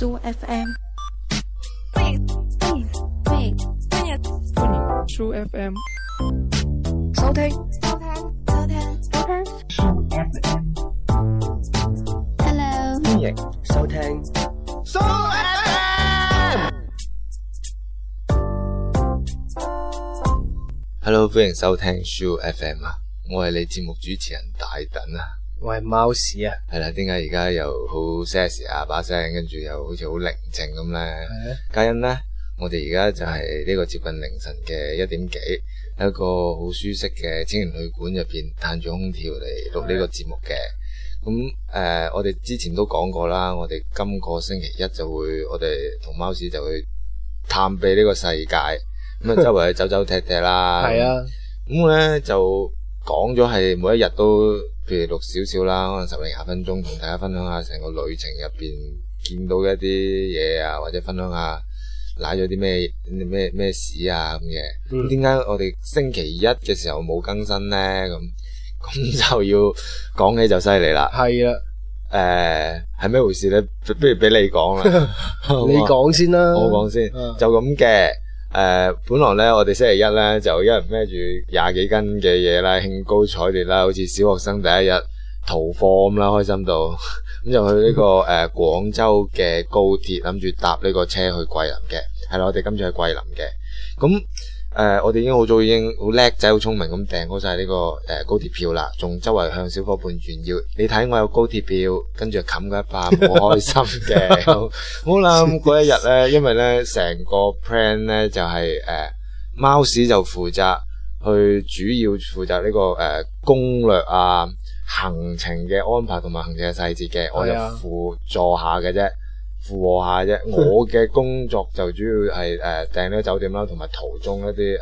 Soo FM，歡迎歡迎歡迎，Soo FM，收聽收聽收聽，Soo FM，Hello，歡迎收聽 Soo FM，Hello，歡迎收聽 Soo FM 啊，我係你節目主持人大躉啊。喂，貓屎啊，係啦。點解而家又好 sassy 啊，把聲跟住又好似好寧靜咁咧？嘉欣咧，我哋而家就係呢個接近凌晨嘅一點幾，喺一個好舒適嘅青年旅館入邊，攤住空調嚟錄呢個節目嘅。咁誒，我哋之前都講過啦，我哋今個星期一就會，我哋同貓屎就去探秘呢個世界咁啊，周圍走走踢踢啦。係啊，咁咧就講咗係每一日都。譬如錄少少啦，可能十零廿分鐘，同大家分享下成個旅程入邊見到嘅一啲嘢啊，或者分享下瀨咗啲咩咩咩屎啊咁嘅。咁點解我哋星期一嘅時候冇更新咧？咁咁就要講起就犀利啦。係是啊、呃，誒，係咩回事咧？不如俾你講啦， 你講先啦好，我講先，嗯、就咁嘅。誒，uh, 本來咧，我哋星期一咧就一人孭住廿幾斤嘅嘢啦，興高采烈啦，好似小學生第一日逃貨咁啦，開心到，咁就去呢、呢個誒廣、 呃、州嘅高鐵，諗住搭呢個車去桂林嘅，係啦，我哋今次去桂林嘅，咁。誒、呃，我哋已經好早已經好叻仔，好聰明咁訂好晒呢個誒、呃、高鐵票啦，仲周圍向小伙伴炫耀。你睇我有高鐵票，跟住冚佢一巴，好 開心嘅。好啦，嗰一日呢，因為呢成個 plan 呢，就係、是、誒、呃，貓屎就負責去主要負責呢、這個誒、呃、攻略啊行程嘅安排同埋行程嘅細節嘅， 我就輔助 下嘅啫。符合下啫，我嘅工作就主要係誒、呃、訂咗酒店啦，同埋途中一啲誒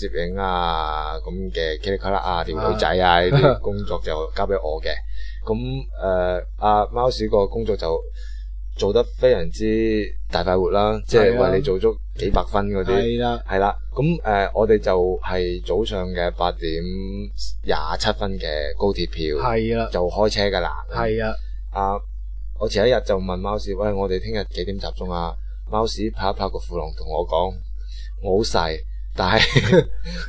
攝影啊咁嘅 c l i c 啊，c l、啊、調女仔啊呢啲工作就交俾我嘅。咁誒阿貓史個工作就做得非常之大快活啦，即係為你做足幾百分嗰啲。係啦、啊，係啦、啊。咁誒、呃，我哋就係早上嘅八點廿七分嘅高鐵票，係啦、啊，就開車噶啦，係啊，啊。我前一日就問貓史，喂，我哋聽日幾點集中啊？貓史拍一拍個褲龍同我講我好細，但係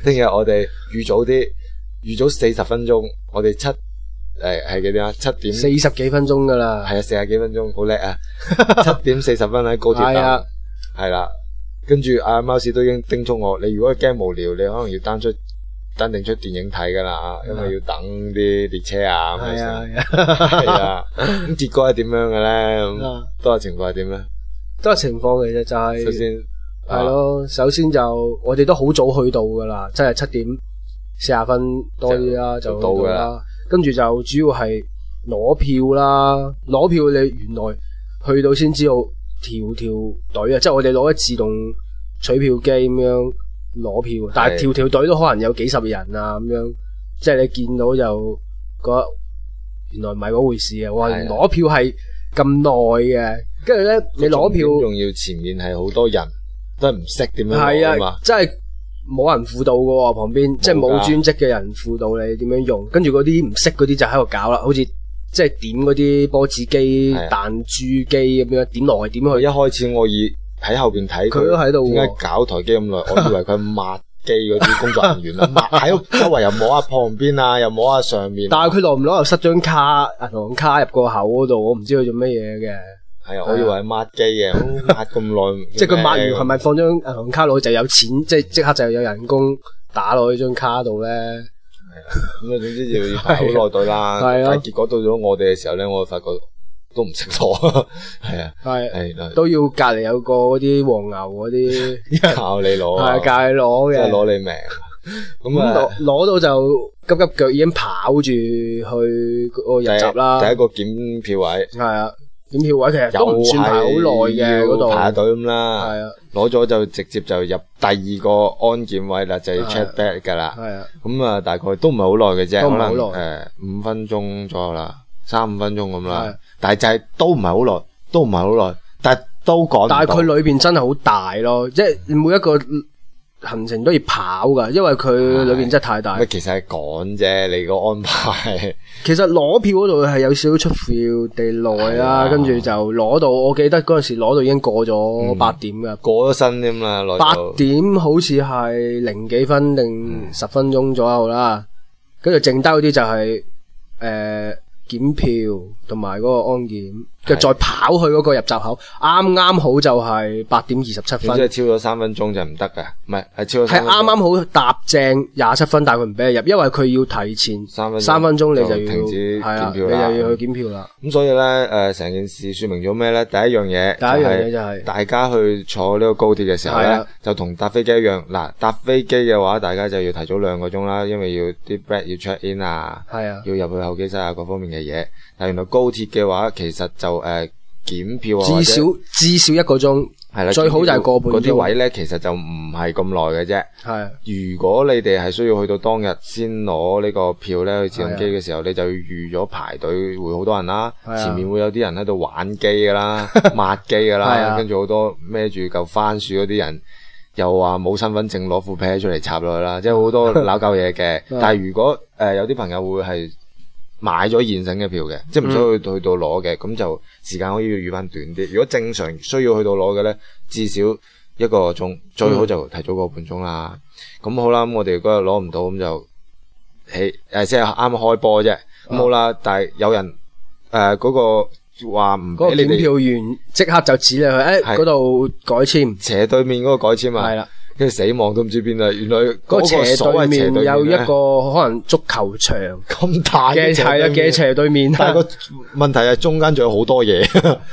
聽日我哋預早啲，預早四十分鐘，我哋七誒係、哎、幾點啊？七點四十幾分鐘噶啦，係啊，四十幾分鐘好叻啊！七 點四十分喺高鐵站係啦，跟住阿貓史都已經叮囑我，你如果驚無聊，你可能要單出。等定出電影睇噶啦，因為要等啲列車啊。係啊係啊，咁結果係點樣嘅咧？多個情況係點咧？多個情況其實就係，係咯，首先就我哋都好早去到噶啦，即係七點四十分多啲啦，就到啦。跟住就，就主要係攞票啦，攞票你原來去到先知道條條隊啊，即係我哋攞一自動取票機咁樣。攞票，但係條條隊都可能有幾十人啊，咁樣，即係你見到就，覺得原來唔係嗰回事啊！我話攞的票係咁耐嘅，跟住咧你攞票仲要前面係好多人，都唔識點樣用，啊即係冇人輔導噶喎，旁邊即係冇專職嘅人輔導你點樣用，跟住嗰啲唔識嗰啲就喺度搞啦，好似即係點嗰啲波子機、彈的珠機咁樣，點來點去。一開始我以喺後邊睇佢，都喺度。點解搞台機咁耐？我以為佢抹機嗰啲工作人員啊，抹喺周圍又摸下旁邊啊，又摸下上面。但係佢落唔落又塞張卡，銀行卡入個口嗰度，我唔知佢做乜嘢嘅。係啊，我以為係抹機嘅，咁抹咁耐。 即係佢抹完係咪放張銀行卡落去就有錢？即係即刻就有人工打落去張卡度咧？係啊，咁啊，總之就要排好耐隊啦。係 是啊，結果到咗我哋嘅時候咧，我就發覺。都唔識錯，係啊，係，都要隔籬有個嗰啲黃牛嗰啲，靠你攞，係隔籬攞嘅，即係攞你命。咁攞攞到就急急腳已經跑住去嗰個入閘啦。第一個檢票位，係啊，檢票位其實都唔算排好耐嘅，嗰度排下隊咁啦。係啊，攞咗就直接就入第二個安檢位啦，就係 check back 噶啦。係啊，咁啊大概都唔係好耐嘅啫，可能誒五分鐘左右啦，三五分鐘咁啦。但係就係都唔係好耐，都唔係好耐，但係都趕。但係佢裏邊真係好大咯，嗯、即係每一個行程都要跑噶，因為佢裏邊真係太大是。其實係趕啫，你個安排。其實攞票嗰度係有少少出乎地耐啦，跟住是、啊、就攞到。我記得嗰陣時攞到已經過咗八點噶、嗯，過咗身添啦。八點好似係零幾分定十分鐘左右啦，跟住、嗯、剩低嗰啲就係誒檢票。同埋嗰個安檢，跟住的再跑去嗰個入閘口，啱啱的好就係八點二十七分，即係超咗三分鐘就唔得㗎，唔係分超係啱啱好搭正廿七分，但佢唔俾你入，因為佢要提前三分鐘，你就要停止檢票，你又要去檢票啦。咁、啊、所以咧，成、呃、件事說明咗咩咧？第一樣嘢，第一樣嘢就係、是、大家去坐呢個高鐵嘅時候咧，的就同搭飛機一樣。嗱，搭飛機嘅話，大家就要提早兩個鐘啦，因為要啲 bag 要 check in 啊，啊的，要入去候機室啊，各方面嘅嘢。但原來高高鐵嘅話，其實就誒檢票，至少至少一個鐘，係啦，最好就係個半鐘。嗰啲位呢，其實就唔係咁耐嘅啫。係，如果你哋係需要去到當日先攞呢個票呢，去自動機嘅時候，你就要預咗排隊會好多人啦。前面會有啲人喺度玩機噶啦，抹機噶啦，跟住好多孭住嚿番薯嗰啲人，又話冇身份證攞副皮出嚟插落去啦，即係好多攪鳩嘢嘅。但係如果誒有啲朋友會係。買咗現成嘅票嘅，即係唔需要去，嗯、去到攞嘅，咁就時間可以預翻短啲。如果正常需要去到攞嘅咧，至少一個鐘，最好就提早個半鐘啦。咁，嗯、好啦，咁我哋嗰日攞唔到，咁就誒，即係啱開波啫。咁，啊、好啦，但係有人誒嗰，呃嗰個話唔俾你，檢票員即刻就指你去誒嗰度改簽，斜對面嗰個改簽啊。跟死亡都唔知邊啦，原來嗰斜，斜對面有一個可能足球場咁大嘅斜啦，嘅斜對面。但係個問題係中間仲有好多嘢，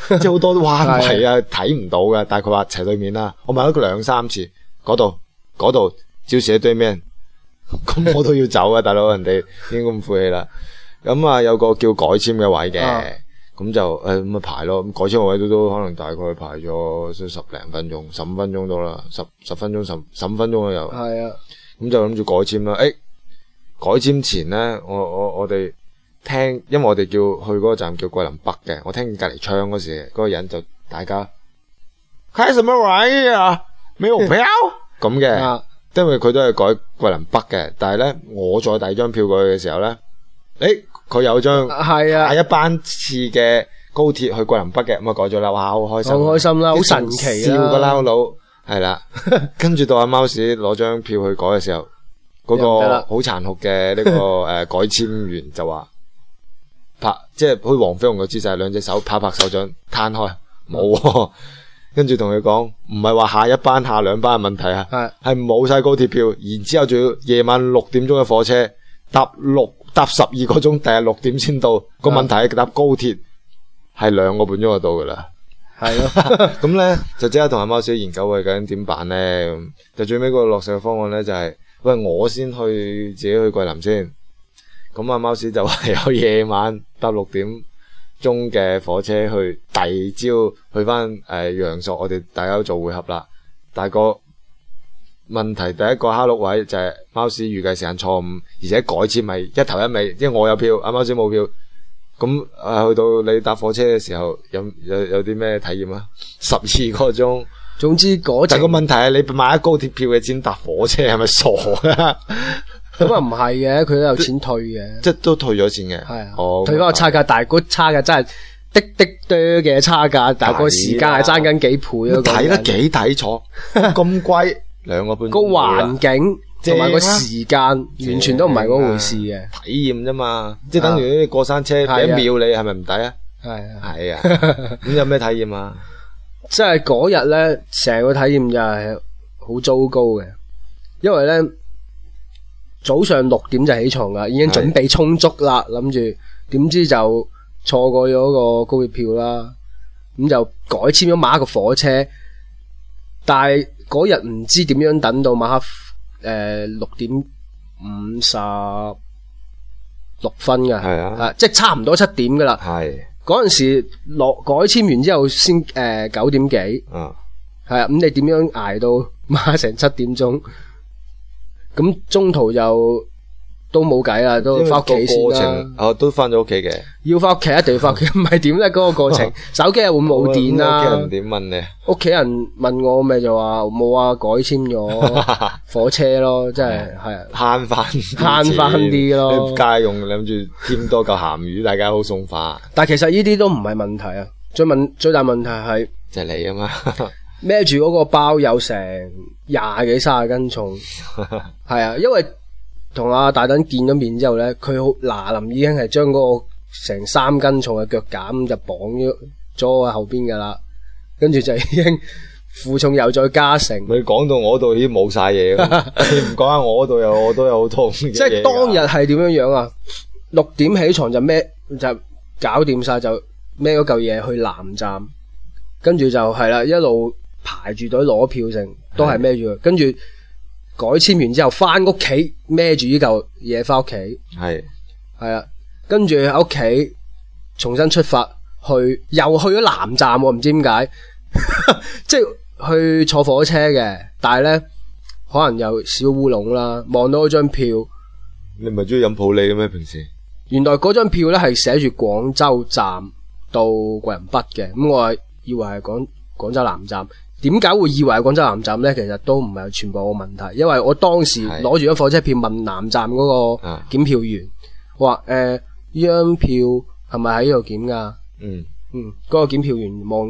即係好多都哇係啊睇唔到嘅。但係佢話斜對面啦，我問咗佢兩三次，嗰度嗰度照斜對面，咁我都要， 要走啊，大佬人哋已經咁晦氣啦。咁啊有個叫改簽嘅位嘅。啊咁就誒咁咪排咯，改簽個位都可能大概排咗十零分鐘，十五分鐘到啦，十十分鐘十十五分鐘左右。係啊呀，咁就諗住改簽啦。誒、欸，改簽前咧，我我我哋聽因為我哋叫去嗰個站叫桂林北嘅，我聽隔籬唱嗰時，嗰、那個人就大家開什麼位啊？咩票咁嘅？對因為佢都係改桂林北嘅，但係咧，我再遞張票過去嘅時候咧，誒、欸。佢有張下一班次嘅高鐵去桂林北嘅，咁啊改咗啦，哇好開心、啊，好開心啦、啊，好神奇啊！笑個撈佬係啦，跟住 到阿貓史攞張票去改嘅時候，嗰、那個好殘酷嘅呢個誒改簽員就話 拍，即係去似黃飛鴻嘅姿勢，兩隻手拍拍手掌攤開，冇、啊。跟住同佢講，唔係話下一班下兩班嘅問題啊，係冇晒高鐵票，然之後仲要夜晚六點鐘嘅火車搭六。搭十二個鐘，第日六點先到。個問題係搭高鐵係、啊、兩個半鐘就到噶啦。係咯是的， 咁咧就即刻同阿貓史研究究竟點辦咧。就最尾個落實嘅方案咧就係、是，喂，我先去自己去桂林先。咁阿貓史就話有夜晚搭六點鐘嘅火車去，第二朝去翻誒、呃、陽朔，我哋大家都做會合啦。大哥。問題第一個哈六位就係貓屎預計時間錯誤，而且改簽咪一頭一尾，即係我有票，阿貓屎冇票。咁啊，去到你搭火車嘅時候，有有有啲咩體驗啊？十二個鐘，總之嗰陣，但個問題係你買咗高鐵票嘅錢搭火車係咪傻啊？咁啊唔係嘅，佢都有錢退嘅，即係都退咗錢嘅。係啊，哦、退翻個差價，但嗰差價真係的的多嘅差價，但係個時間係爭緊幾倍咯。睇得幾抵坐，咁貴。 兩個半鐘、啊，個環境同埋個時間、啊、完全都唔係嗰回事嘅、嗯啊、體驗啫嘛，啊、即係等於啲過山車，太一秒你係咪唔抵啊？係啊，係啊，咁有咩體驗啊？ 驗啊，即係嗰日咧，成個體驗就係好糟糕嘅，因為咧早上六點就起床啦，已經準備充足啦，諗住點知就錯過咗個高鐵票啦，咁就改簽咗馬一個火車，但係。嗰日唔知點樣等到晚黑，誒，六點五十六分嘅，係啊，即係差唔多七點噶啦。係嗰陣時落改簽完之後先，誒，九點幾，嗯係啊。咁你點樣捱到晚黑成七點鐘？咁中途又～都冇計啦，都翻屋企先啦。哦，都翻咗屋企嘅。要翻屋企一定翻屋企，唔係點咧？嗰個過程，手機又會冇電啦。屋企人點問你？屋企人問我咪就話冇啊，改簽咗火車咯，即係係慳翻慳翻啲咯。唔家用諗住添多個鹹魚，大家好鬆化。但係其實呢啲都唔係問題啊。最問最大問題係就係你啊嘛，孭住嗰個包有成廿幾卅斤重，係啊，因為。同阿大等見咗面之後咧，佢好嗱林已經係將嗰個成三斤重嘅腳架咁就綁咗咗喺後邊噶啦，跟住就已經負重又再加成。你講到我度已經冇晒嘢， 你唔講下我度又我都有好痛。即係當日係點樣樣啊？六點起床就孭就搞掂晒就孭嗰嚿嘢去南站，跟住就係啦，一路排住隊攞票成都係孭住，是的 跟住。改簽完之後是的，翻屋企孭住呢嚿嘢翻屋企，係係啊，跟住喺屋企重新出發去，又去咗南站我，唔知點解， 即係去坐火車嘅，但係呢，可能有小烏龍啦，望到嗰張票，你唔係中意飲普洱嘅咩？平時原來嗰張票呢係寫住廣州站到桂林北嘅，咁我以為係廣廣州南站。點解會以為係廣州南站咧？其實都唔係全部個問題，因為我當時攞住咗火車票問南站嗰個檢票員，話是、啊：誒、呃，呢張票係咪喺呢度檢噶？嗯嗯，嗰、那個檢票員望，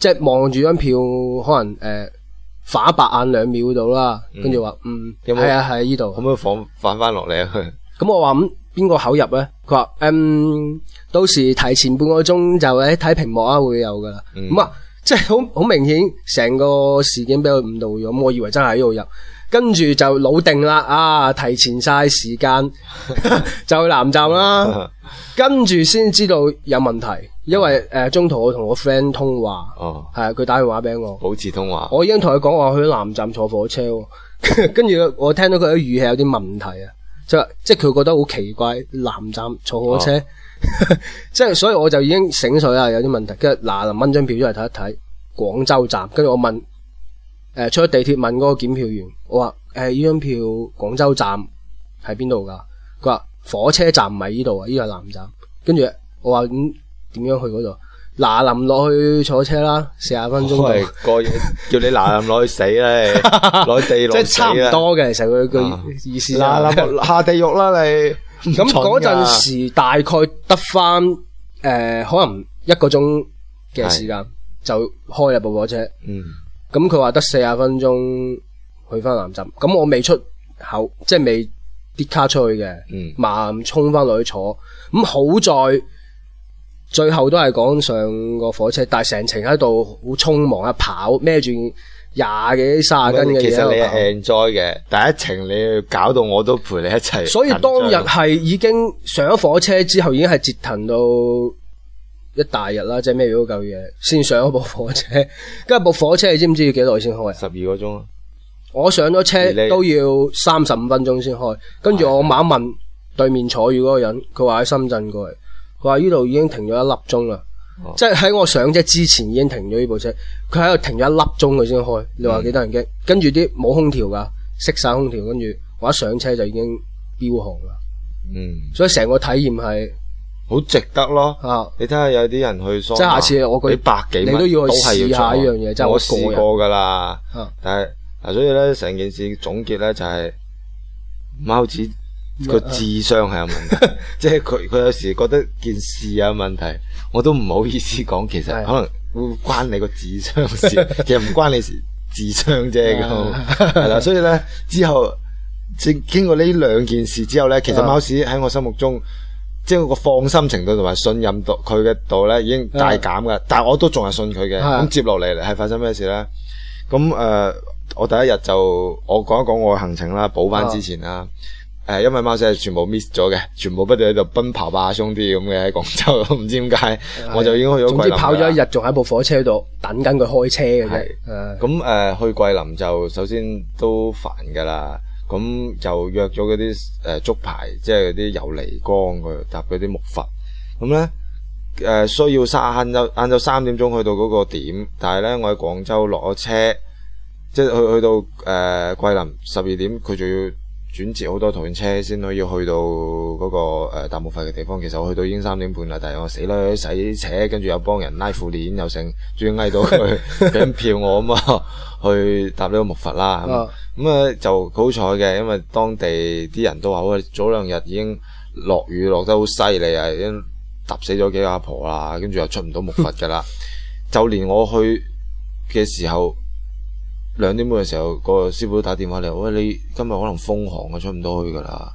即係望住張票，可能誒，反、呃、白眼兩秒度啦，跟住話：嗯，係啊，係喺呢度。可唔可以放反翻落嚟啊？咁 我話：咁邊個口入咧？佢話：嗯，到時提前半個鐘就喺睇、哎、屏幕啊，會有噶啦。咁啊、嗯。即係好好明顯，成個事件俾佢誤導咗咁，我以為真係喺度入，跟住就老定啦啊！提前嘥時間 就去南站啦，跟住先知道有問題，因為誒、呃、中途我同我 friend 通話，係啊、哦，佢打電話俾我保持通話，我已經同佢講話去南站坐火車，跟、啊、住 我聽到佢啲語氣有啲問題啊，即係即係佢覺得好奇怪，南站坐火車。哦 即係所以我就已經醒水啦，有啲問題。跟住嗱，林掹張票出嚟睇一睇，廣州站。跟住我問，誒、呃，出咗地鐵問嗰個檢票員，我話，誒、呃，呢張票廣州站喺邊度噶？佢話火車站唔係呢度啊，呢個係南站。跟住我話咁點樣去嗰度？嗱，林落去坐車啦，四十分鐘到。過夜叫你嗱林落去死咧，攞 地落 差唔多嘅成個佢個、啊、意思嗱林落下地獄啦你。咁嗰陣時大概得翻誒，可能一個鐘嘅時間是的 就開啊部火車。咁佢話得四十分鐘去翻南站。咁我未出口，即係未啲卡出去嘅，嗯、慢衝翻落去坐。咁好在。最後都係講上個火車，但係成程喺度好匆忙一、啊、跑孭住廿幾卅斤嘅嘢。其實你係 enjoy 嘅，第一程你搞到我都陪你一齊。所以當日係已經上咗火車之後，已經係折騰到一大日啦，即係孭住嗰嚿嘢先上咗部火車，跟住部火車你知唔知要幾耐先開？十二個鐘。我上咗車都要三十五分鐘先開，跟住我猛問對面坐住嗰個人，佢話喺深圳過嚟。佢話：呢度已經停咗一粒鐘啦，哦、即係喺我上車之前已經停咗呢部車。佢喺度停咗一粒鐘佢先開。你話幾多人驚？跟住啲冇空調㗎，熄晒空調。跟住我一上車就已經飆紅啦。嗯，所以成個體驗係好值得咯。是你睇下有啲人去桑拿，即下次我百你百幾蚊都要去試下嘢。真係。我試過㗎啦，是但係嗱，所以咧成件事總結咧就係、是、貓子。個智商係有問題， 即係佢佢有時覺得件事有問題，我都唔好意思講，其實可能會關你個智商事， 其實唔關你智商啫咁。係啦， 所以咧之後，經經過呢兩件事之後咧，其實貓史喺我心目中，即係個放心程度同埋信任度，佢嘅度咧已經大減噶。 但係我都仲係信佢嘅。咁 接落嚟係發生咩事咧？咁誒、呃，我第一日就我講一講我嘅行程啦，補翻之前啦。 誒，因為貓仔係全部 miss 咗嘅，全部不斷喺度奔跑吧，兄弟咁嘅喺廣州，唔知點解，的我就已經去咗桂林。總之跑咗一日，仲喺部火車度等緊佢開車嘅啫。咁誒的、啊呃，去桂林就首先都煩噶啦，咁就約咗嗰啲誒竹排，即係嗰啲遊漓江佢搭嗰啲木筏。咁咧誒，需要三晏晝晏晝三點鐘去到嗰個點，但係咧我喺廣州落咗車，即係去去到誒、呃、桂林十二點，佢仲要。轉接好多途車先可以去到嗰、那個、呃、搭木筏嘅地方。其實我去到已經三點半啦，但係我死啦，洗車跟住有幫人拉褲鏈又成，仲要嗌到佢俾票我咁啊， 去搭呢個木筏啦。咁啊 就好彩嘅，因為當地啲人都話：喂，早兩日已經落雨落得好犀利啊，已經揼死咗幾個阿婆啦，跟住又出唔到木筏噶啦。 就連我去嘅時候。兩點半嘅時候，個師傅都打電話嚟，話、喂、你今日可能風寒啊，出唔到去㗎啦。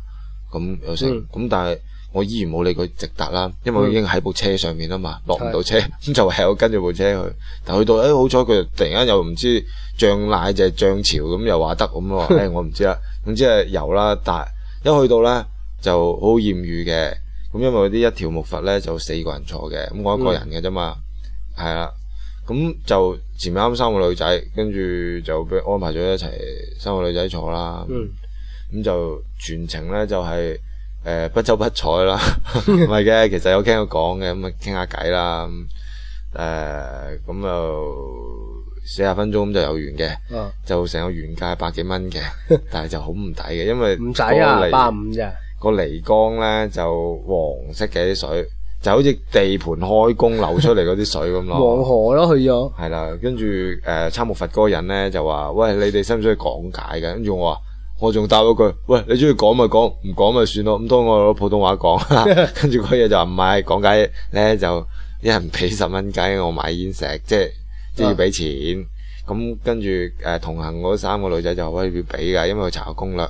咁有時咁，嗯、但係我依然冇理佢直達啦，因為已經喺部車上面啦嘛，落唔到車，咁是、嗯、就係我跟住部車去。但去到誒，哎、好彩佢突然間又唔知漲奶就係漲潮，咁又話得，咁話誒我唔、 哎、知啦。總之係遊啦，但一去到咧就好艷遇嘅。咁因為啲一條木筏咧就四個人坐嘅，咁我一個人嘅啫嘛，係啦、嗯。咁就前面啱三個女仔，跟住就俾安排咗一齊三個女仔坐啦。咁就全程咧就係誒不瞅不睬啦，唔係嘅，其實有聽佢講嘅，咁啊傾下偈啦。誒咁就四十分鐘咁就有完嘅，就成個原價百幾蚊嘅，但係就好唔抵嘅，因為唔使啊八啊五嘅個漓江咧就黃色嘅啲水。就好似地盤開工流出嚟嗰啲水咁咯， 黃河咯去咗。係啦，跟住誒參木佛嗰人咧就話，喂，你哋使唔需要講解嘅？跟住我話，我仲答咗句，喂，你中意講咪講，唔講咪算咯。咁當我攞普通話講，跟住嗰嘢就唔係講解咧，就一人俾十蚊雞我買煙食，即係即係要俾錢。咁跟住同行嗰三個女仔就喂，要俾噶，因為佢查考攻略。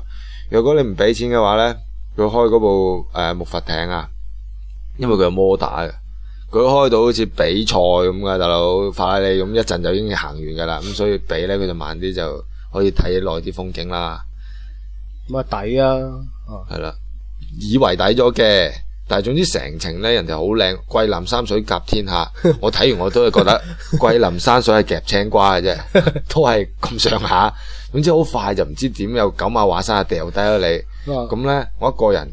如果你唔俾錢嘅話咧，佢開嗰部誒、呃、木筏艇啊！因為佢有摩打嘅，佢開到好似比賽咁嘅大佬，快你，咁一陣就已經行完噶啦，咁所以比咧佢就慢啲就可以睇耐啲風景啦。咁啊抵啊，係啦，以為抵咗嘅，但係總之成程咧人哋好靚，桂林山水甲天下。我睇完我都係覺得桂林山水係夾青瓜嘅啫，都係咁上下。總之好快就唔知點又九馬畫山掉低咗你，咁咧我一個人。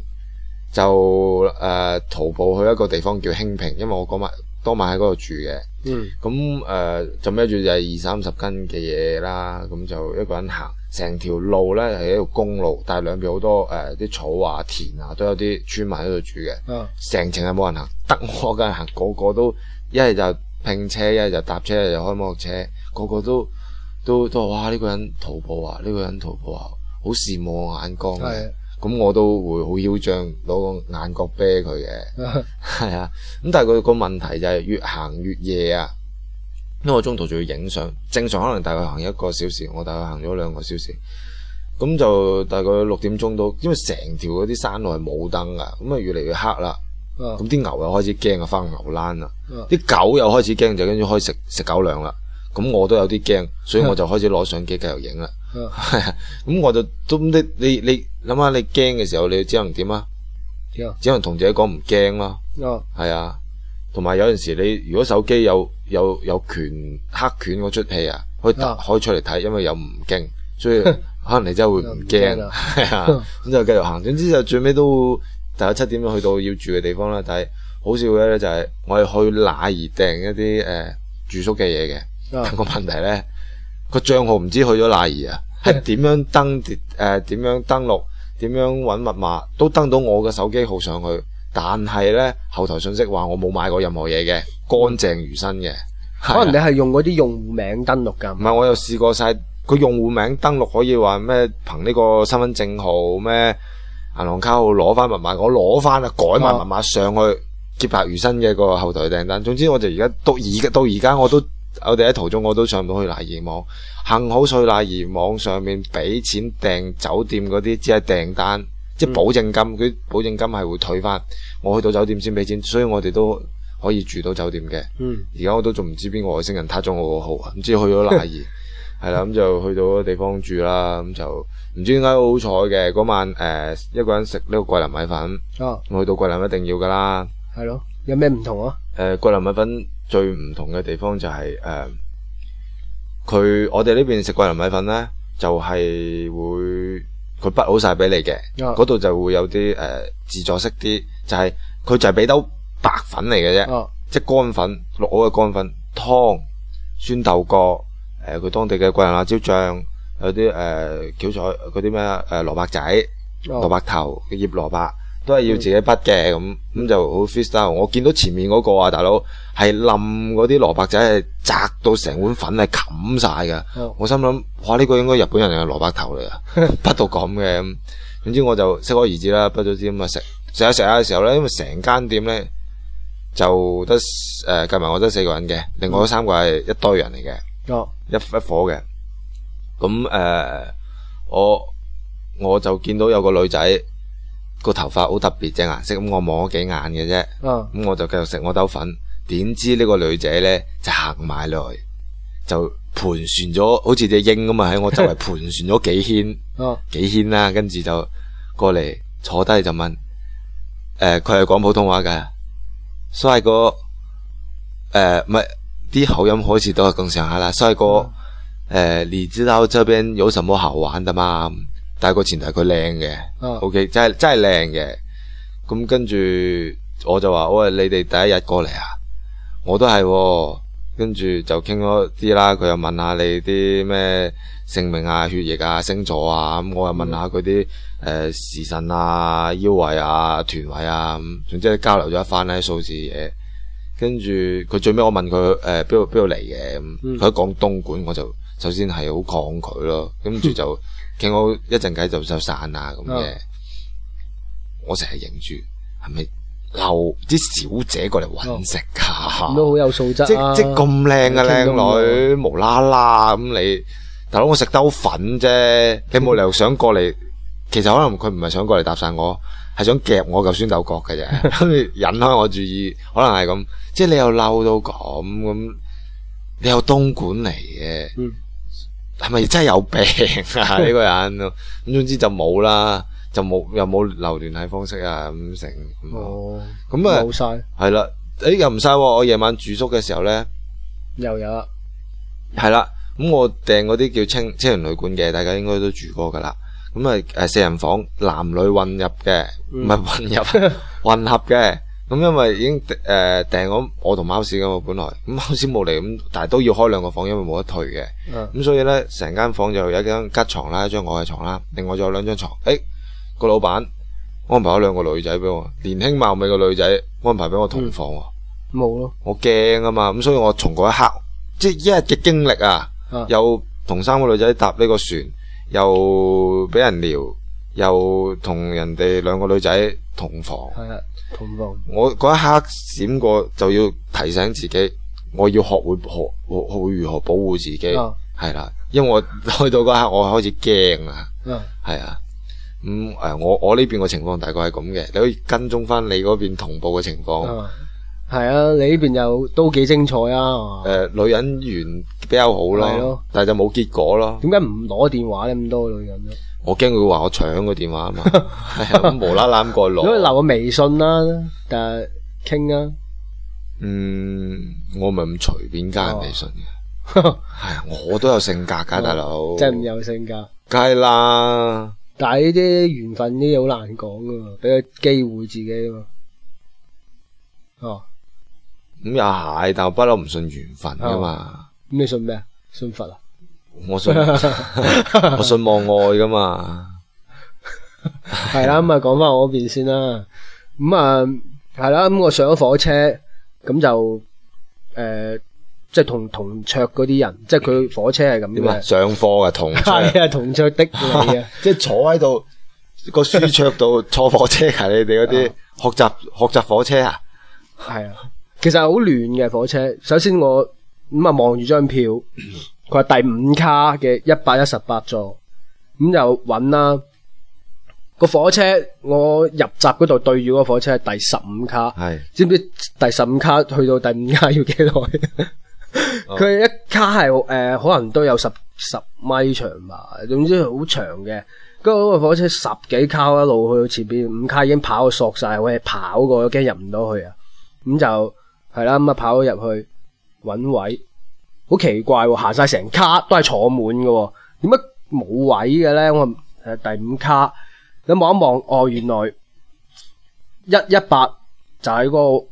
就誒、呃、徒步去一個地方叫興平，因為我嗰晚當晚喺嗰度住嘅。嗯。咁誒、呃、就孭住就係二三十斤嘅嘢啦，咁就一個人行，成條路咧係一條公路，但係兩邊好多誒啲、呃、草啊、田啊，都有啲村民喺度住嘅。嗯、啊。成程係冇人行，得我個人行，個個都一係就拼車，一係就搭車，一係就，就開摩托車，個個都都都話呢、這個人徒步啊，呢、這個人徒步啊，好羨慕我眼光嘅。咁我都會好囂張攞個眼角啤佢嘅，係 啊。咁但係佢個問題就係越行越夜啊，因為我中途仲要影相。正常可能大概行一個小時，我大概行咗兩個小時，咁就大概六點鐘到。因為成條嗰啲山路係冇燈噶，咁啊越嚟越黑啦。咁啲 牛又開始驚啊，翻牛欄啦。啲 狗又開始驚，就跟住開始食食狗糧啦。咁我都有啲驚，所以我就開始攞相機繼續影啦。咁 我就都你你。你你諗下你驚嘅時候，你只能點啊？只能同自己講唔驚咯。哦 Yeah.，係啊。同埋有陣時你如果手機有有有拳黑拳嗰出戲啊，可以打開 Yeah. 出嚟睇，因為有唔驚，所以可能你真係會唔驚。咁 就繼續行。總之就最尾都大家七點去到要住嘅地方啦。但係好笑嘅咧就係我係去哪兒訂一啲誒、呃、住宿嘅嘢嘅，Yeah. 但個問題咧個賬號唔知去咗哪兒啊？係點樣登誒點、 呃、樣登錄？點樣搵密碼都登到我嘅手機號上去，但係呢後台信息話我冇買過任何嘢嘅，乾淨如新嘅。可能你係用嗰啲用戶名登錄噶？唔係的，我又試過晒，佢用戶名登錄可以話咩？憑呢個身份證號咩銀行卡號攞翻密碼，我攞翻改埋密碼上去，潔白的如新嘅個後台訂單。總之我，我就而家到而到而家我都。我哋喺途中我都上唔到去哪兒網，幸好去哪兒網上面俾錢訂酒店嗰啲，只係訂單，即係保證金，佢、嗯、保證金係會退翻。我去到酒店先俾錢，所以我哋都可以住到酒店嘅。而家、嗯、我都仲唔知邊個外星人撻咗我個號啊！唔知道去咗哪兒，係啦， 咁、嗯、就去到地方住啦，咁就唔知點解好彩嘅嗰晚，誒、呃，一個人食呢個桂林米粉，我、哦、去到桂林一定要噶啦，係咯。有咩唔同啊、呃？桂林米粉最唔同嘅地方就係、是、誒，佢、呃、我哋呢邊食桂林米粉咧，就係、是、會佢不好晒俾你嘅，嗰度、啊、就會有啲誒、呃、自助式啲，就係、是、佢就係俾兜白粉嚟嘅啫，啊、即乾粉綠好嘅乾粉，湯、酸豆角、誒、呃、佢當地嘅桂林辣椒醬，有啲誒韭菜嗰啲咩誒蘿蔔仔、蘿蔔、啊、頭嘅醃蘿蔔。都係要自己筆嘅咁，咁、嗯、就好 free style。我見到前面嗰、那個啊，大佬係冧嗰啲蘿蔔仔，係摘到成碗粉係冚晒噶。嗯、我心諗，哇呢、這個應該日本人嘅蘿蔔頭嚟啊， 筆到咁嘅。總、嗯、之我就適可而止啦，筆咗啲咁啊，食食下食下嘅時候咧，因為成間店咧就得誒，計、呃、埋我得四個人嘅，另外三個係係一堆人嚟嘅、嗯，一一伙嘅。咁誒、呃，我我就見到有個女仔。個頭髮好特別隻顏色，咁我望咗幾眼嘅啫，咁、oh. 我就繼續食我兜粉。點知呢個女仔咧就行埋來就盤旋咗好似隻鷹咁啊喺我周圍盤旋咗幾圈，oh. 幾圈啦、啊，跟住就過嚟坐低就問，誒佢係講普通話嘅，帥哥、那個，誒唔係啲口音好似都係咁上下啦，帥哥、那個，誒、oh. 呃、你知道這邊有什麼好玩的嗎？但係個前提佢靚嘅，OK，真係真係靚嘅。咁跟住我就話，喂，你哋第一日過嚟啊，我都係、啊。跟住就傾咗啲啦，佢又問下你啲咩姓名啊、血液啊、星座啊。咁我又問下佢啲誒時辰啊、腰圍啊、臀位啊。咁總之係交流咗一番呢數字嘢。跟住佢最尾我問佢誒邊度邊度嚟嘅。佢、呃嗯、一講東莞，我就首先係好抗拒咯。跟住就。嗯傾我一陣偈就就散啦咁嘅，哦、我成日認住，係咪漏啲小姐過嚟揾食啊？都好有素質，即即咁靚嘅靚女，無啦啦咁你大佬，我食得好粉啫，你冇理由想過嚟，其實可能佢唔係想過嚟搭訕我，係想夾我嚿酸豆角嘅啫，跟住、嗯、 引開我注意，可能係咁，即係你又嬲到講咁，你有東莞嚟嘅。嗯係咪真係有病啊？呢、這個人咁 總之就冇啦，就冇又冇留聯繫方式啊，咁成哦，咁就了、欸、啊，冇晒，係啦，誒又唔晒喎！我夜晚住宿嘅時候咧，又有啦，係啦，咁我訂嗰啲叫青青年旅館嘅，大家應該都住過噶啦，咁啊誒四人房男女混入嘅，唔係、嗯、混入 混合嘅。咁、嗯、因為已經誒訂咗我同貓屎㗎嘛，本來，咁貓屎冇嚟，咁但係都要開兩個房，因為冇得退嘅。咁、嗯嗯、所以咧，成間房間就有一張吉床啦，一張我嘅床啦，另外仲有兩張床。誒、欸，個老闆安排咗兩個女仔俾我，年輕貌美嘅女仔安排俾我同房、啊。冇咯、嗯。我驚啊嘛，咁所以我從嗰一刻，即係一日嘅經歷啊，又同、嗯、三個女仔搭呢個船，又俾人撩。又同人哋兩個女仔同房，係啊，同房。我嗰一刻閃過就要提醒自己，我要學會學學會如何保護自己，係啦、哦。因為我去到嗰刻，嗯、我開始驚啊，係啊、嗯。咁誒、嗯，我我呢邊嘅情況大概係咁嘅，你可以跟蹤翻你嗰邊同步嘅情況。係啊、嗯，你呢邊又都幾精彩啊？誒、呃，女人緣比較好咯，的但係就冇結果咯。點解唔攞電話咁多女人呢？我驚佢話我搶個電話啊嘛，係 無啦啦咁過來。 如果你留個微信啦，但係傾啊。啊嗯，我唔係咁隨便加人微信嘅，係、哦、 我都有性格噶，哦、大佬哥。真係唔有性格。梗係啦，但係呢啲緣分啲嘢好難講噶，俾個機會自己啊。咁又係，但我不嬲唔信緣分噶嘛。咁、哦、你信咩啊？信佛啊？我信，我信望外噶嘛，係啦咁啊，講翻我邊先啦。咁、嗯、啊，係啦咁，我上咗火車，咁就誒，即係同同桌嗰啲人，即係佢火車係咁嘅。點上課嘅同桌係啊，同桌 的你啊， 即係坐喺度個書桌度坐火車啊， 你哋嗰啲學習、嗯、學習火車啊，係啊，其實好亂嘅火車。首先我咁啊，望住張票。佢係第五卡嘅一百一十八座，咁就揾啦。個火車我入閘嗰度對住個火車係第十五卡，是知唔知第十五卡去到第五卡要幾耐？佢、 哦、一卡係誒、呃，可能都有十十米長吧，總之好長嘅。嗰、個火車十幾卡一路去到前邊，五卡已經跑到索晒，我係跑過驚入唔到去啊。咁就係啦，咁啊跑咗入去揾位。好奇怪，行晒成卡都係坐滿嘅，點解冇位嘅咧？我誒第五卡，你望一望，哦，原來一一八就喺個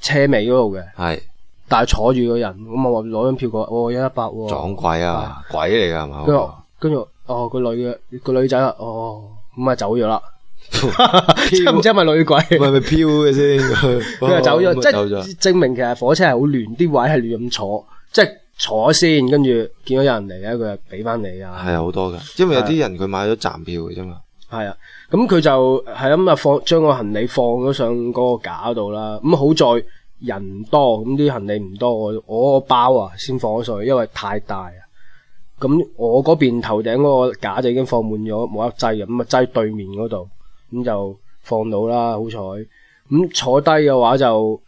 車尾嗰度嘅，係是，但係坐住個人，咁我攞張票過，哦，一一八撞鬼啊，是鬼嚟噶係嘛？跟住，跟住，哦，個女嘅個女仔啊，哦，咁係走咗啦，唔知係咪女鬼？唔係咪飄嘅先？佢就走咗，走即係證明其實火車係好亂，啲位係亂咁坐，即係。先坐先，跟住見到有人嚟咧，佢就俾翻你呀。係啊，好多噶，因為有啲人佢買咗站票嘅啫嘛。係啊，咁佢就係咁啊，放將個行李放咗上嗰個架度啦。咁、嗯、好在人唔多，咁啲行李唔多，我我個包啊先放咗上去，因為太大啊。咁我嗰邊頭頂嗰個架就已經放滿咗，冇得擠咁啊擠對面嗰度，咁、嗯、就放到啦，好彩。咁、嗯、坐低嘅話就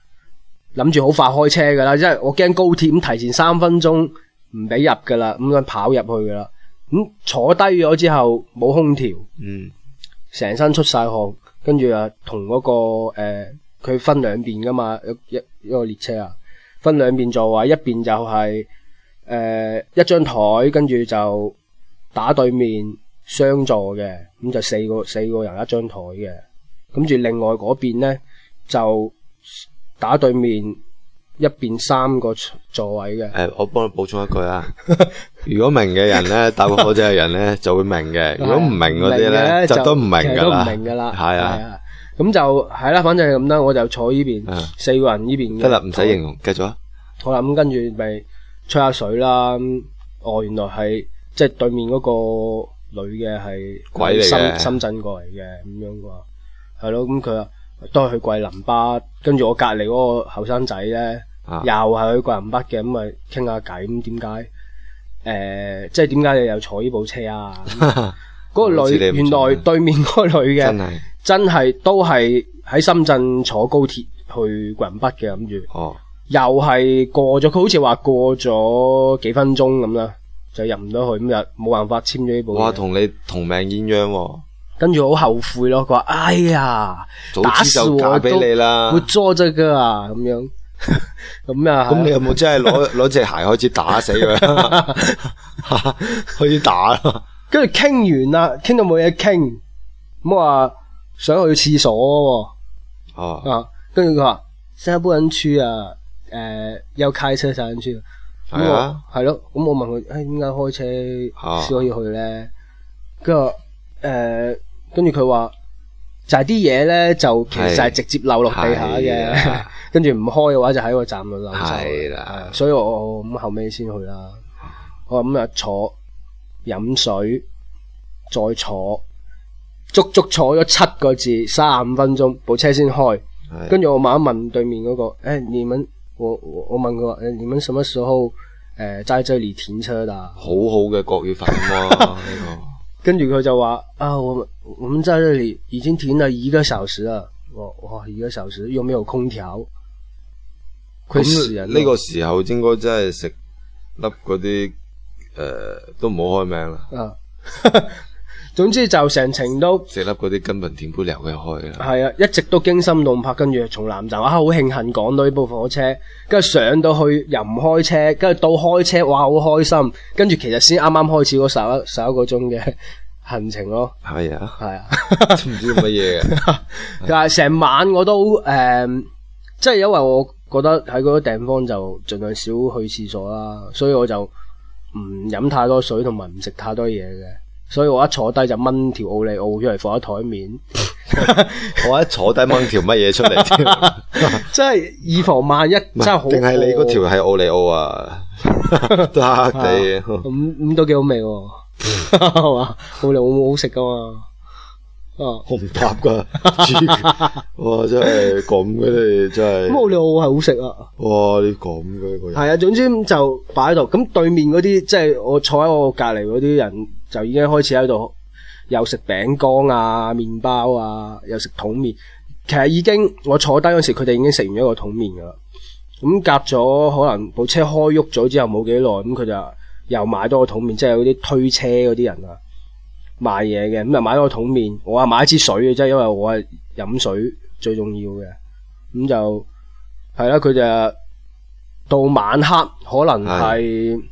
諗住好快開車噶啦，即係我驚高鐵咁提前三分鐘唔俾入噶啦，咁樣跑入去噶啦。咁坐低咗之後冇空調，嗯，成身出晒汗，跟住啊同嗰個誒，佢、呃、分兩邊噶嘛，一一一個列車啊，分兩邊座位，一邊就係、是、誒、呃、一張台，跟住就打對面雙座嘅，咁就四個四個人一張台嘅，跟住另外嗰邊呢，就。打對面一邊三個座位嘅，誒，我幫你補充一句啦。如果明嘅人咧，打過火仔嘅人咧，就會明嘅。如果唔明嗰啲咧，就都唔明噶啦。係啊，咁就係啦，反正係咁啦。我就坐呢邊四個人呢邊嘅。得啦，唔使形容，繼續啊。好啦，咁跟住咪吹下水啦。哦，原來係即係對面嗰個女嘅係鬼嚟嘅，深圳過嚟嘅咁樣啩。係咯，咁佢話。都係去桂林北，跟住我隔籬嗰個後生仔咧，啊、又係去桂林北嘅，咁咪傾下偈。咁點解？誒，即係點解你又坐呢部車啊？嗰 個女，原來對面嗰個女嘅，真係是真係都係喺深圳坐高鐵去桂林北嘅，諗住，哦、又係過咗，佢好似話過咗幾分鐘咁啦，就入唔到去，咁又冇辦法簽咗呢部車。哇，同你同命鴛鴦、哦。跟住好後悔咯，佢話：哎呀，打死我都會捉啫啊咁樣咁啊！咁你有冇真係攞攞隻鞋開始打死佢？開始打啦！跟住傾完啦，傾到冇嘢傾，咁我話想去廁所。啊啊，跟住佢話：先去保安處啊，誒，要開車先去。係啊，係咯。咁我問佢：誒，點解開車先可以去咧？跟住，誒。跟住佢話就係啲嘢咧，就其實係直接漏落地下嘅。的 跟住唔開嘅話，就喺個站度流走啦的，所以我咁後尾先去啦。我咁啊坐飲水，再坐足足坐咗七個字三十五分鐘，部車先開。的跟住我慢慢問對面嗰、那個，誒的、哎，你們我我問佢話，誒，你們什麼時候誒在這裡停車的？好好嘅國語粉喎呢個。 跟住佢就話啊，我們我們在這裏已經停了一個小時啦，哇，一個小時又沒有空調，咁呢個時候應該真係食粒嗰啲誒，都唔好開名啦。啊 總之就成程都，石粒嗰啲根本點不了佢開啦。係啊，一直都驚心動魄。跟住從南站，哇，好慶幸趕到呢部火車，跟住上到去又唔開車，跟住到開車，哇，好開心。跟住其實先啱啱開始嗰十十一個鐘嘅行程咯。係啊，係啊，唔 知乜嘢。但係成晚我都誒，即、嗯、係、就是、因為我覺得喺嗰個地方就盡量少去廁所啦，所以我就唔飲太多水同埋唔食太多嘢嘅。所以我一坐低就掹條奧利奧出嚟放喺台面。 我一坐低掹條乜嘢出嚟，即係以防萬一，真係好。定係你嗰條係奧利奧啊？地，咁咁都幾好味喎，啊，係嘛？奧利奧好食噶嘛？啊，我唔搭噶。 哇，真係咁嘅，真係。咁奧、嗯、利奧係好食啊！哇，你咁嘅一個人，係啊， 總之就擺喺度。咁對面嗰啲，即係我坐喺我隔籬嗰啲人。就已經開始喺度又食餅乾啊、麵包啊，又食桶麵。其實已經我坐低嗰時，佢哋已經食完一個桶麵噶啦。咁隔咗可能部車開喐咗之後冇幾耐，咁佢就又買多個桶麵，即係嗰啲推車嗰啲人啊賣嘢嘅，咁又買多個桶麵。我話買一支水嘅，即係因為我係飲水最重要嘅。咁就係啦，佢就到晚黑可能係。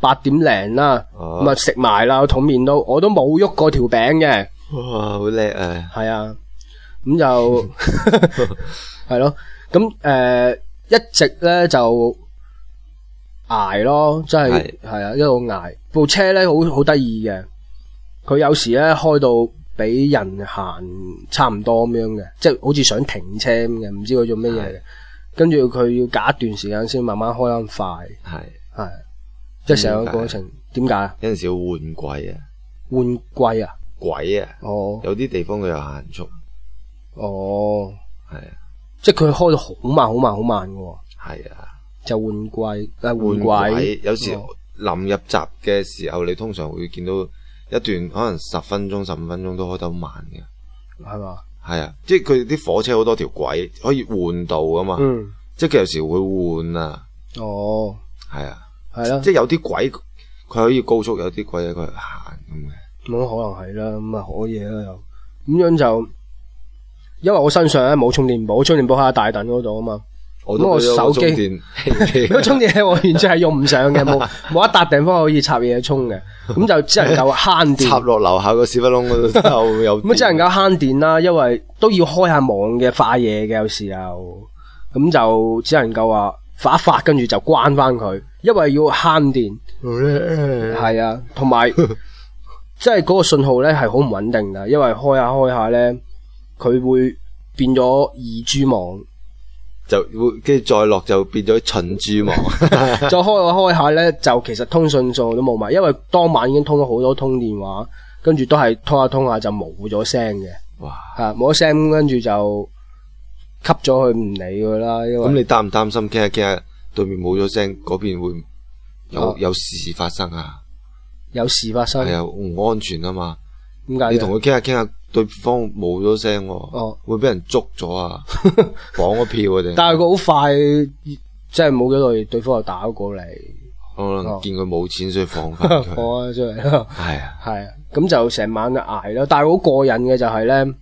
八點零啦，咁就食埋啦，桶麵都我都冇喐過條餅嘅，哇，好叻誒！係啊，咁、啊、就係、 啊呃、咯，咁誒一直咧就挨咯，即係係啊，一路挨。部車咧好好得意嘅，佢有時咧開到俾人行差唔多咁樣嘅，即係好似想停車咁嘅，唔知佢做咩嘢嘅。是跟住佢要隔一段時間先慢慢開得咁快，係係是。即係成個過程點解啊？有陣時要換軌啊！換軌啊！軌啊！哦！有啲地方佢又限速。哦，係啊！即係佢開到好慢、好慢、好慢嘅。係啊！就換軌，誒，換軌。有時臨入閘嘅時候，你通常會見到一段可能十分鐘、十五分鐘都開得好慢嘅，係嘛？係啊！即係佢啲火車好多條軌可以換道噶嘛？嗯，即係佢有時會換啊。哦，係啊。係咯，是啊，即係有啲鬼佢可以高速，有啲鬼喺佢行咁嘅。咁可、嗯、可能係啦，咁啊可嘢啦，又咁樣就因為我身上咧冇充電寶，充電寶喺大躉嗰度啊嘛。咁我手機都充電，我完全係用唔上嘅，冇冇 一笪地方可以插嘢充嘅。咁就只能夠、 嗯、就慳電插落樓下個屎忽窿嗰度，有咁啊，只能夠慳電啦。因為都要開下網嘅，化嘢嘅，有時候咁就只能夠話發一發，跟住就關翻佢。因為要慳電，係啊，同埋 即係嗰個信號咧係好唔穩定噶因為開下開下咧，佢會變咗二 G 網，就會跟住再落就變咗蠢 G 網。 再開下開下咧，就其實通訊數都冇埋，因為當晚已經通咗好多通電話，跟住都係通下通下就冇咗聲嘅。哇，係冇咗聲，跟住就吸咗佢唔理佢啦。因為咁你擔唔擔心？其實其對面冇咗聲，嗰邊會有有事發生啊！有事發生係啊，唔安全啊嘛。點解你同佢傾下傾下，對方冇咗聲，哦，會俾人捉咗啊，綁咗票啊定？但係佢好快，即係冇幾耐，對方又打過嚟。可能見佢冇錢，所以放翻佢。放咗出嚟咯。係啊，係啊，咁就成晚挨咯。但係好過癮嘅就係咧，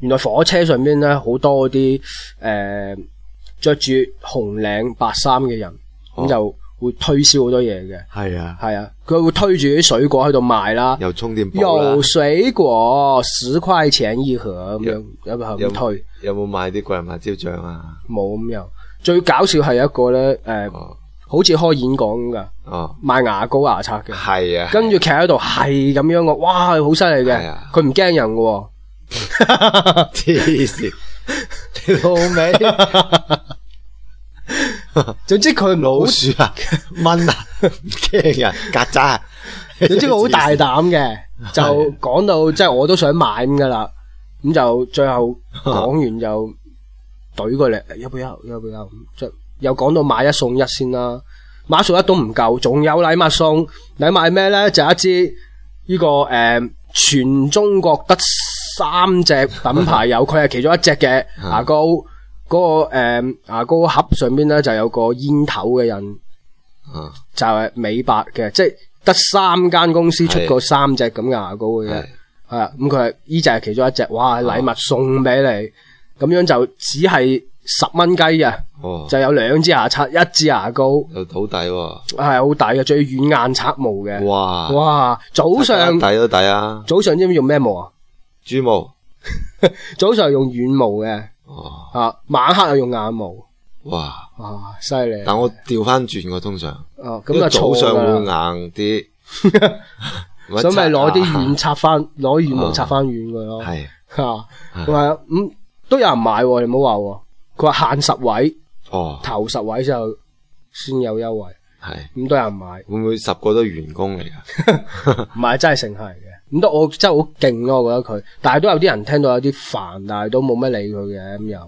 原來火車上邊咧好多啲誒。着住紅領白衫嘅人，咁就會推銷好多嘢嘅。係啊，係啊，佢會推住啲水果喺度賣啦。有充電寶啦。水果十塊錢一盒咁樣，有個推。有冇買啲桂林辣椒醬啊？冇咁樣。最搞笑係一個咧，誒，好似開演講咁噶。哦。賣牙膏牙刷嘅。係啊。跟住企喺度係咁樣嘅，哇，好犀利嘅。佢唔驚人嘅。黐線，條尾。總之佢老鼠啊，蚊啊，驚呀，曱甴啊。啊，總之佢好大膽嘅，是的 就講到是的 即係我都想買咁噶啦。咁就最後講完就懟 過嚟，有冇有，有冇有。即係又講到買一送一先啦，買一送一都唔夠，仲有禮物送。禮物係咩咧？就一支呢、這個誒、呃，全中國得三隻品牌有，佢係 其中一隻嘅牙膏。 嗰、那個誒、嗯、牙膏盒上邊咧就有個煙頭嘅印，啊、就係美白嘅，即係得三間公司出過三隻咁嘅牙膏嘅，係啊，咁佢係呢隻係其中一隻，哇，禮物送俾你，咁、啊、樣就只係十蚊雞啊，啊就有兩支牙刷，一支牙膏，好抵喎，係好抵嘅，最軟硬刷毛嘅，哇哇，早上抵都抵啊，早上知唔知用咩毛啊？豬毛， 早上用軟毛嘅。哦，啊，晚黑又用眼毛，哇，啊，犀利。但我調翻轉嘅，通常，哦，咁啊，早上會硬啲，所以咪攞啲軟擦翻，攞軟毛擦翻軟佢咯。係，吓，咁都有人買，你唔好話，佢話限十位，哦，頭十位之後先有優惠，係，咁都有人買，會唔會十個都員工嚟噶？唔係，真係成嘅咁得我真係好勁咯，我覺得佢，但係都有啲人聽到有啲煩，但係都冇乜理佢嘅咁又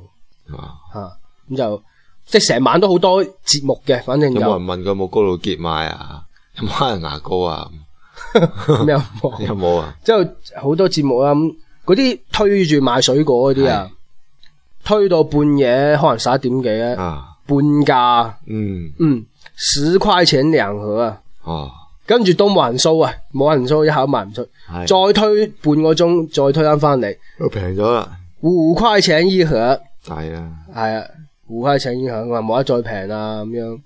吓，咁、嗯哇啊、就即係成晚都好多節目嘅，反正有，有，有人問佢冇高露潔賣啊？有冇可能牙膏啊？ 嗯、 有冇？有冇啊？即係好多節目啊，咁嗰啲推住買水果嗰啲啊，是推到半夜可能十一點幾，啊、半價架，嗯嗯，十塊錢兩盒啊。哦跟住都冇人收啊，冇人收，一口賣唔出。的再推半個鐘，再推翻翻嚟，又平咗啦。五塊錢一盒，係啊的，係啊，五塊錢一盒，我話冇得再平啊咁樣。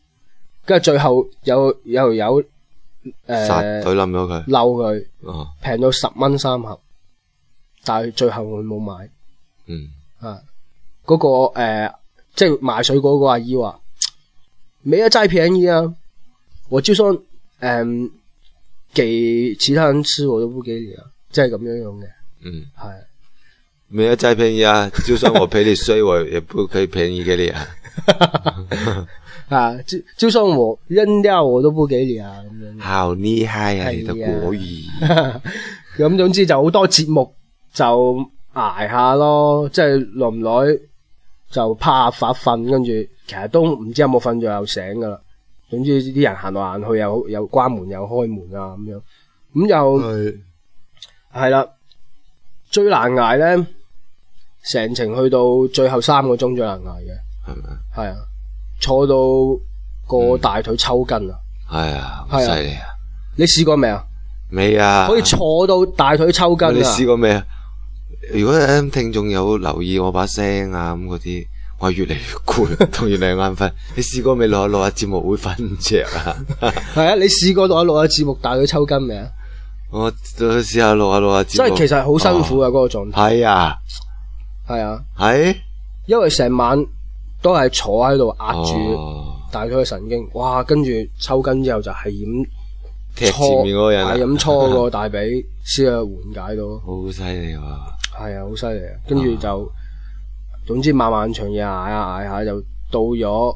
跟住最後有有有誒，佢冧咗佢，嬲佢，平到十蚊三盒，但係最後我冇買。嗯，啊，嗰個誒，即係賣水果嗰個阿姨話，未嘢再便宜啊？我招商。嗯」誒。給其他人吃我都不給你啊，即係咁樣樣嘅，嗯，係是，未要再便宜啊！就算我陪你睡， 我也不可以便宜給你啊！ 啊，就就算我扔掉我都不給你啊！咁樣好厲害啊！啊你都可以，咁總之就好多節目就挨下咯，即係耐唔耐就怕發瞓，跟住其實都唔知有冇瞓着又醒噶啦。總之啲人行嚟行去，又又關門又開門啊咁樣，咁又係啦，最難挨咧，成程去到最後三個鐘最難挨嘅，係咪啊？係啊，坐到個大腿抽筋啊，係啊，係啊，犀利啊！你試過未啊？未啊，可以坐到大腿抽筋啊！你試過未啊？如果啲聽眾有留意我把聲啊咁嗰啲。我越嚟越攰，同越嚟越眼瞓。你試過未？落下落下節目會瞓着啊？係啊！你試過落下落下節目帶到抽筋未啊？我試下落下落下節目。即係其實好辛苦啊嗰個狀態。係啊，係啊，係，因為成晚都係坐喺度壓住大髀嘅神經，哇！跟住抽筋之後就係咁踢前面嗰個人，係咁搓個大髀先去緩解到。好犀利喎！係啊，好犀利啊！跟住就。總之，漫漫長夜捱下捱下，就到咗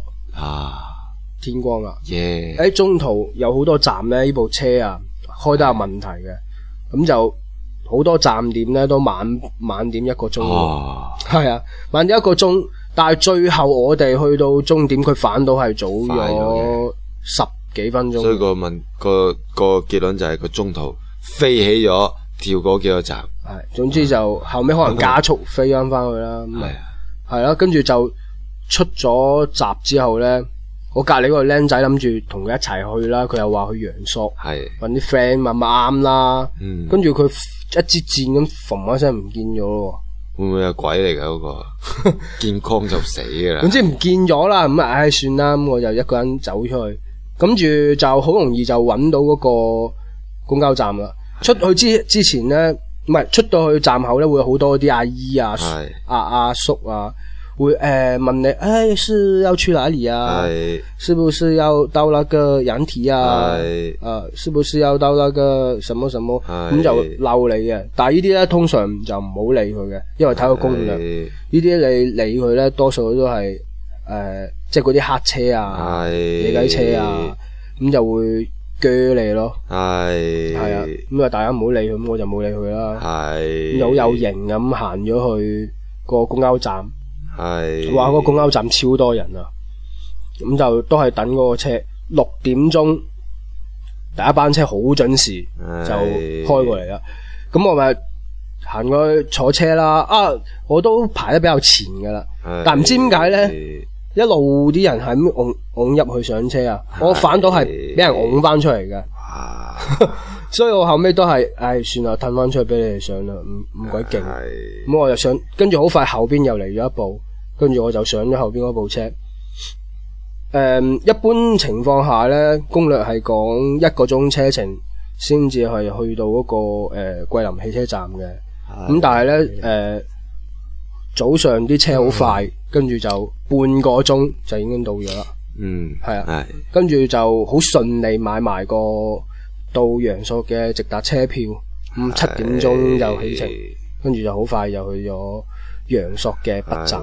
天光啦。耶！Yeah. 中途有好多站咧，呢部車啊開得有問題嘅，咁 Yeah. 就好多站點咧都晚晚點一個鐘。係、oh. 啊，晚點一個鐘，但係最後我哋去到終點，佢反倒係早咗十幾分鐘。所以個問、那個、那個結論就係個中途飛起咗，跳過幾個站。係，總之就 Yeah. 後尾可能加速飛翻翻去啦。係 Yeah.、啊。係啦，跟住、啊、就出咗閘之後咧，我隔籬嗰個僆仔諗住同佢一齊去啦，佢又話去陽朔，搵啲 friend 咪啱啦。跟住佢一支箭咁嘣一聲唔見咗咯。會唔會係鬼嚟噶嗰個？見光就死噶啦。總之唔見咗啦，咁唉算啦，咁我就一個人走出去，跟住就好容易就搵到嗰個公交站啦。是的 出去之之前咧。唔係出到去站口咧，會好多啲阿姨啊、阿是、啊、阿叔啊，會誒、呃、問你，誒、哎，是要去哪裏啊？係是，是不是要兜那個引體啊？係是，啊，是不是要兜那個什麼什麼？咁是就嬲你嘅，但呢啲咧通常就唔好理佢嘅，因為睇個公量。呢啲是你理佢咧，多數都係誒，即係嗰啲黑車啊、私家是車啊，咁是、啊、就會。鋸你咯，係是，係啊，咁啊大家唔好理佢，咁我就冇理佢啦，係是，好有型咁行咗去個公交站，係是，哇個公交站超多人啊，咁就都係等嗰個車，六點鐘第一班車好準時就開過嚟啦，咁是我咪行過去坐車啦，啊我都排得比較前噶啦，是但唔知點解咧？一路啲人係咁擁入去上車啊！我反倒係俾人擁翻出嚟嘅，的 所以我後尾都係，唉、哎，算啦，吞翻出俾你哋上啦，唔唔鬼勁。咁的、嗯、我又上，跟住好快後邊又嚟咗一部，跟住我就上咗後邊嗰部車。誒、嗯，一般情況下呢，攻略係講一個鐘車程先至係去到嗰、那個誒、呃、桂林汽車站嘅。咁的、嗯、但係呢。誒、呃。早上啲車好快，跟住、嗯、就半個鐘就已經到咗啦。嗯，係啊的，跟住的就好順利買埋個到陽朔嘅直達車票。咁的七點鐘就起程，跟住的就好快又去咗陽朔嘅北站。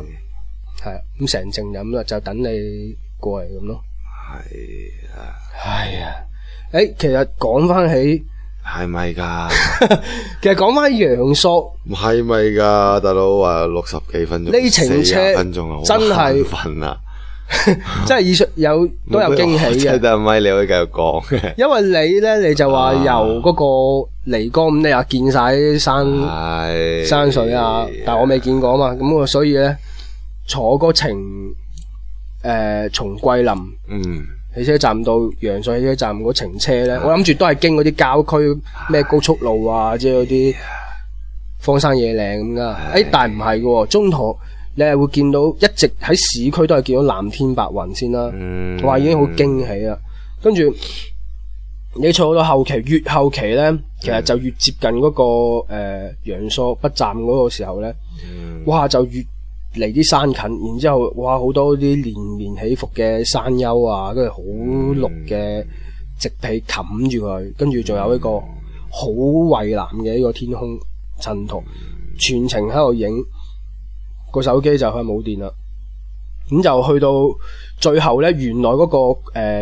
係啊的，咁成程飲啦，就等你過嚟咁咯。係啊的，係啊，誒、欸，其實講翻起。係咪噶？是是 其實講翻陽朔，係咪噶？大佬話六十幾分鐘，呢程車分鐘啊，真係的 真係藝術有 都有驚喜嘅。得唔得？咪你可以繼續講嘅。因為你咧，你就話由嗰個漓江咁，啊、你又見晒啲山是山水啊，的但我未見過啊嘛，咁啊，所以咧坐嗰程誒從、呃、桂林嗯。汽車站到陽朔汽車站嗰程車呢，我諗住都係經嗰啲郊區咩高速路啊，唉即係嗰啲荒山野嶺咁啊。哎唉，但係唔係嘅，中途你係會見到一直喺市區都係見到藍天白雲先啦。哇、嗯，已經好驚喜啦。跟住你坐到後期，越後期呢，其實就越接近嗰、嗰個誒陽朔北站嗰個時候呢，哇、嗯，就越～嚟啲山近，然之後哇，好多啲連綿起伏嘅山丘啊，跟住好綠嘅植被冚住佢，跟住仲有一個好蔚藍嘅一個天空襯托，全程喺度影，個手機就係冇電啦。咁、嗯、就去到最後咧，原來嗰、那個誒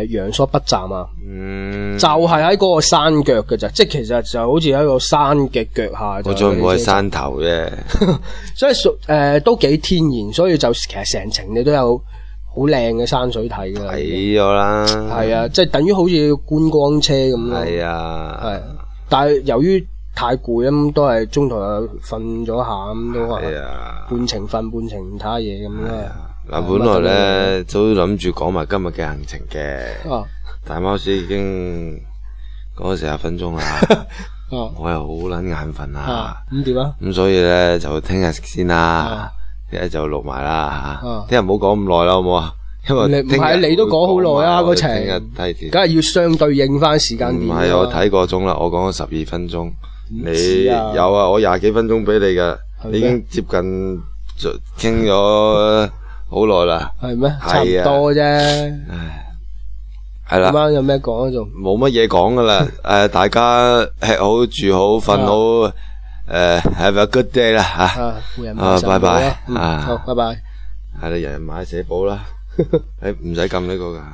陽朔北站啊，嗯、就係喺嗰個山腳嘅啫，即係其實就好似喺個山嘅腳下。就唔會喺山頭啫， 所以屬誒、呃、都幾天然，所以就其實成程你都有好靚嘅山水睇嘅。睇咗啦，係、嗯、啊，即係等於好似觀光車咁咯。係啊、哎呀，係，但係由於太攰咁，都係中途又瞓咗下咁都係、哎呀，半程瞓，半程睇下嘢咁啦。嗱，本來咧都諗住講埋今日嘅行程嘅，大貓史已經講咗成十分鐘啦，我又好捻眼瞓啊，咁點啊？咁所以咧就聽日先啦，聽日就錄埋啦，吓，聽日唔好講咁耐啦，好唔好？因為唔係你都講好耐啊，嗰程，梗係要相對應翻時間。唔係我睇過鐘啦，我講咗十二分鐘，你有啊？我廿幾分鐘俾你嘅，已經接近傾咗。好耐啦，係咩？差唔多啫，係啦。今晚有咩講啊？仲冇乜嘢講噶啦。誒，大家食好住好瞓好。誒，Have a good day 啦吓。啊，好人冇晒。啊，拜拜啊，好，拜拜。係啦，人人買社保啦。誒，唔使撳呢個噶。